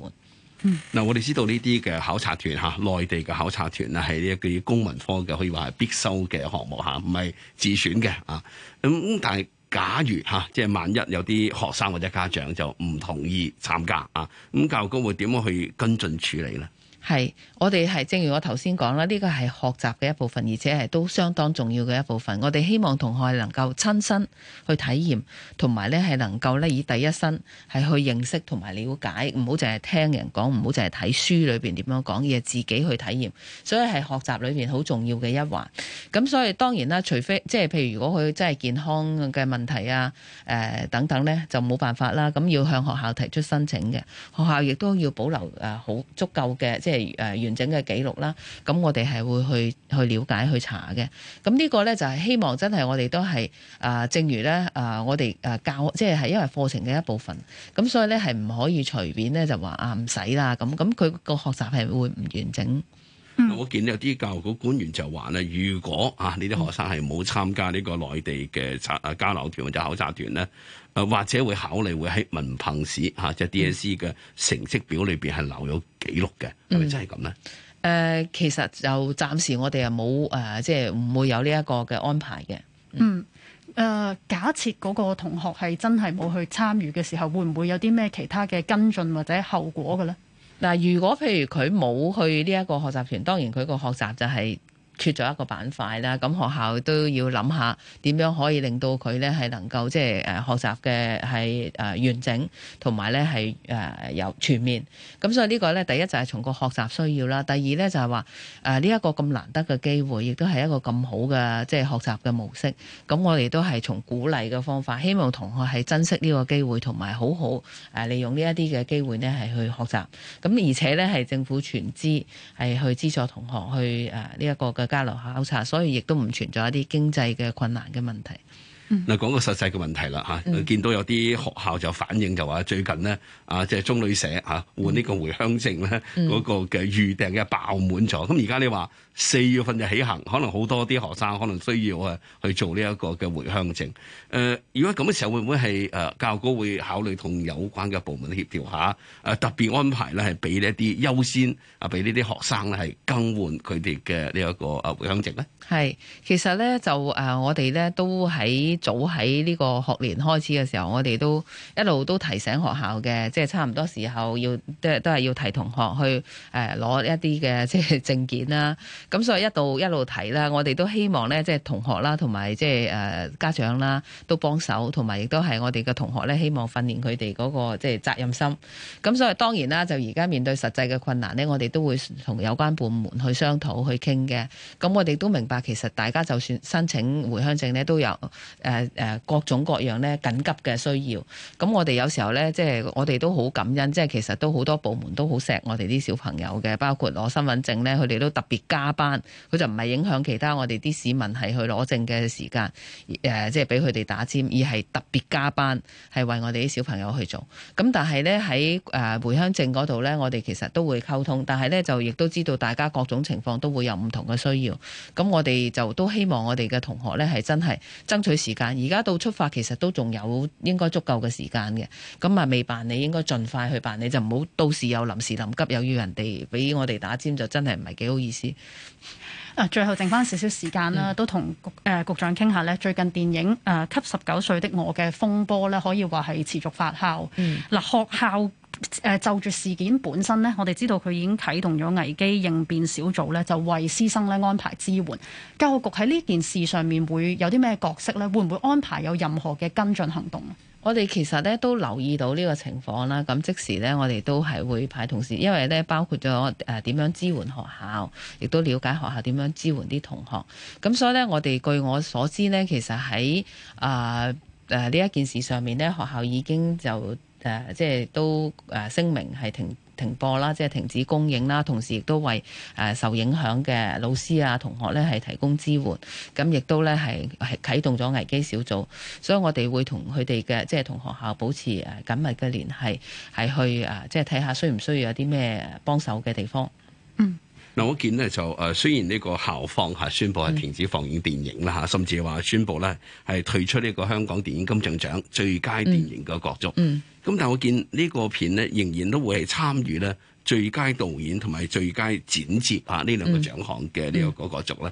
嗯，嗱，我哋知道呢啲嘅考察團嚇，內地嘅考察團啊，係呢一啲公民科嘅，可以話係必修嘅項目嚇，唔係自選嘅啊。咁但係假如嚇，即係萬一有啲學生或者家長就唔同意參加啊，咁教育局會點樣去跟進處理咧？係，我哋係正如我頭先講啦，呢個係學習嘅一部分，而且係都相當重要嘅一部分。我哋希望同學能夠親身去體驗，同埋咧係能夠咧以第一身係去認識同埋了解，唔好淨係聽人講，唔好淨係睇書裏面點樣講嘢，自己去體驗。所以係學習裏面好重要嘅一環。咁所以當然啦，除非即係譬如如果佢真係健康嘅問題啊，呃、等等呢，就冇辦法啦。咁要向學校提出申請嘅，學校亦都要保留好足夠嘅即係。誒完整嘅記錄啦，咁我哋係會去去了解去查嘅，咁呢個呢，就係、是、希望真係我哋都係啊、呃，正如呢，啊、呃，我哋啊教即係係因為課程嘅一部分，咁所以呢，係唔可以隨便呢就話啊唔使啦咁，咁佢個學習係會唔完整。我見有啲教育局官員就話咧，如果啊呢啲學生係冇參加呢個內地嘅啊交流團或者考察團咧，誒或者會考慮會喺文憑試吓即係 DSE 嘅成績表裏邊係留有記錄嘅，係咪真係咁咧？誒、嗯呃，其實就暫時我哋啊冇誒，即係唔會有呢一個嘅安排嘅。嗯，誒、嗯呃，假設嗰個同學係真係冇去參與嘅時候，會唔會有啲咩其他嘅跟進或者後果嘅咧？但如果譬如佢冇去呢一個學習團，當然佢個學習就係、是。缺咗一個板塊啦，咁學校都要諗下點樣可以令到佢咧係能夠即係誒學習嘅係誒完整，同埋咧係誒有全面。咁所以呢個咧第一就係從個學習需要啦，第二咧就係話誒呢一個咁難得嘅機會亦都係一個咁好嘅即係學習嘅模式。咁我哋都係從鼓勵嘅方法，希望同學係珍惜呢個機會同埋好好誒利用呢一啲嘅機會咧係去學習。咁而且咧係政府全資係去資助同學去誒呢一個嘅。交流考察，所以亦都唔存在一啲經濟嘅困難嘅問題。嗱，嗯、講個實際嘅問題啦嚇、啊，見到有啲學校就反映就話、嗯、最近呢，啊，即、就、係、是、中旅社嚇、啊、換呢個回鄉證咧，嗰、嗯、個嘅預訂嘅爆滿咗。咁而家你話四月份就起行，可能好多啲學生可能需要啊去做呢一個嘅回鄉證。誒、啊，如果咁嘅時候會唔會係誒教育局會考慮同有關嘅部門協調下誒、啊、特別安排咧，係俾呢一啲優先啊，俾呢啲學生咧係更換佢哋嘅呢一個誒回鄉證咧？係，其實咧就誒、啊、我哋咧都喺。早喺呢個學年開始嘅時候，我哋都一路都提醒學校嘅，即係差唔多時候要都都係要提同學去誒攞、呃、一啲嘅即係證件啦。咁、嗯、所以一路一路提啦，我哋都希望咧，即係同學啦，同埋即係誒家長啦，都幫手，同埋亦都係我哋嘅同學咧，希望訓練佢哋嗰個即係責任心。咁、嗯、所以當然啦，就而家面對實際嘅困難咧，我哋都會同有關部門去商討去傾嘅。咁、嗯、我哋都明白，其實大家就算申請回鄉證咧，都有。誒誒各種各樣咧緊急嘅需要，咁我哋有時候咧，即係我哋都好感恩，即係其實都好多部門都好錫我哋啲小朋友嘅，包括攞身份證咧，佢哋都特別加班，佢就唔係影響其他我哋啲市民係去攞證嘅時間，誒、呃，即係俾佢哋打尖，而係特別加班，係為我哋啲小朋友去做。咁但係咧喺誒回鄉證嗰度咧，我哋其實都會溝通，但係咧就亦都知道大家各種情況都會有唔同嘅需要，咁我哋就都希望我哋嘅同學咧係真係爭取時間而家到出發，其實都仲有應該足夠嘅時間嘅。咁啊，未辦理應該盡快去辦理，就唔好到時又臨時臨急又要人哋俾我哋打尖，就真係唔係幾好意思。誒，最後剩翻少少時間啦，嗯、都同局誒局長傾下呢，最近電影誒《給、呃、十九歲的我》嘅風波呢，可以話係持續發酵。嗱、嗯，學校。誒、呃，就住事件本身呢，我哋知道佢已經啟動咗危機應變小組呢，就為師生咧安排支援。教育局喺呢件事上面會有啲咩角色呢？會唔會安排有任何嘅跟進行動？我哋其實呢都留意到呢個情況啦，咁即時呢，我哋都係會派同事，因為咧包括咗誒點樣支援學校，亦都了解學校點樣支援啲同學。咁所以呢，我哋據我所知呢，其實喺啊誒呢一件事上面呢，學校已經就。誒即係都誒聲明係停停播啦，即係停止供應啦。同時亦都為誒受影響嘅老師啊同學咧係提供支援，咁亦都咧係係啟動咗危機小組。所以我哋會同佢哋嘅即係同學校保持誒緊密嘅聯繫，係去啊即係睇下需唔需要有啲咩幫手嘅地方。嗯。嗱，我見咧就誒，雖然呢個校方嚇宣布係停止放映電影啦嚇，嗯、甚至話宣布咧係退出呢個香港電影金像獎最佳電影嘅角逐，咁、嗯嗯、但係我見呢個片咧仍然都會係參與咧最佳導演同埋最佳剪接啊呢兩個獎項嘅呢個嗰個角逐咧，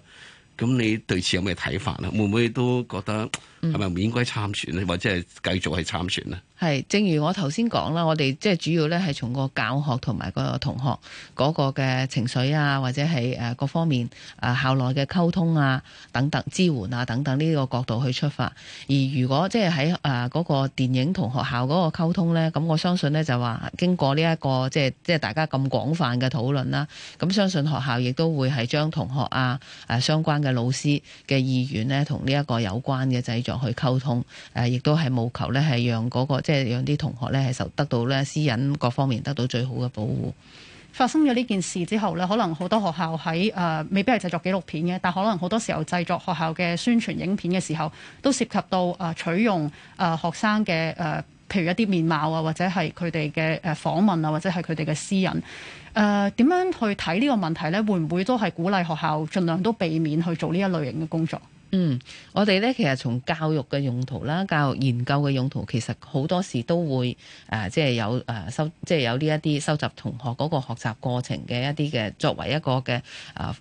咁、嗯嗯、你對此有咩睇法啊？會唔會都覺得？係咪唔應該參選呢？或者係繼續係參選呢？係，正如我頭先講啦，我哋即係主要咧係從個教學同埋個同學嗰個嘅情緒啊，或者係誒各方面誒校內嘅溝通啊等等支援啊等等呢個角度去出發。而如果即係喺誒嗰個電影同學校嗰個溝通咧，咁我相信咧就話經過呢、這、一個即係即係大家咁廣泛嘅討論啦，咁相信學校亦都會係將同學啊誒相關嘅老師嘅意願咧同呢一個有關嘅製作。去溝通，誒，亦都係務求咧，係讓嗰個即係讓啲同學咧，係受得到咧，私隱各方面得到最好嘅保護。發生咗呢件事之後咧，可能好多學校喺誒，未必係製作紀錄片嘅，但可能好多時候製作學校嘅宣傳影片嘅時候，都涉及到誒取用誒學生嘅誒，譬如一啲面貌啊，或者係佢哋嘅誒訪問啊，或者係佢哋嘅私隱。誒、呃，點樣去睇呢個問題咧？會唔會都係鼓勵學校盡量都避免去做呢一類型嘅工作？嗯，我哋咧其實從教育嘅用途啦，教育研究嘅用途，其實好多時都會誒、啊，即係有誒收、啊，即係有呢一啲收集同學嗰個學習過程嘅一啲嘅，作為一個嘅誒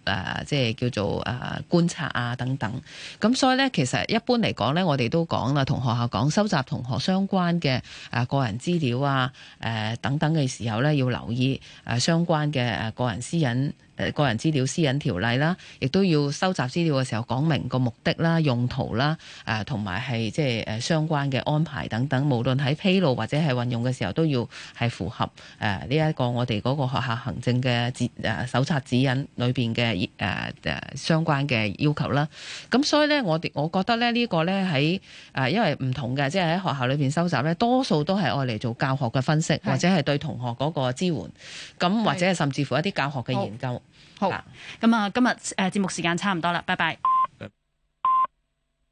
誒，即係叫做誒、啊、觀察啊等等。咁所以咧，其實一般嚟講咧，我哋都講啦，同學校講收集同學相關嘅誒個人資料啊，誒、啊、等等嘅時候咧，要留意誒相關嘅誒個人私隱。誒個人資料私隱條例啦，亦都要收集資料嘅時候講明個目的啦、用途啦，誒同埋係即係誒相關嘅安排等等。無論喺披露或者係運用嘅時候，都要係符合誒呢一個我哋嗰個學校行政嘅誒手冊指引裏邊嘅誒誒相關嘅要求啦。咁所以咧，我哋我覺得咧呢個咧喺誒因為唔同嘅，即係喺學校裏邊收集咧，多數都係愛嚟做教學嘅分析，或者係對同學嗰個支援，咁或者係甚至乎一啲教學嘅研究。好，咁啊，今日誒節目時間差唔多啦，拜拜。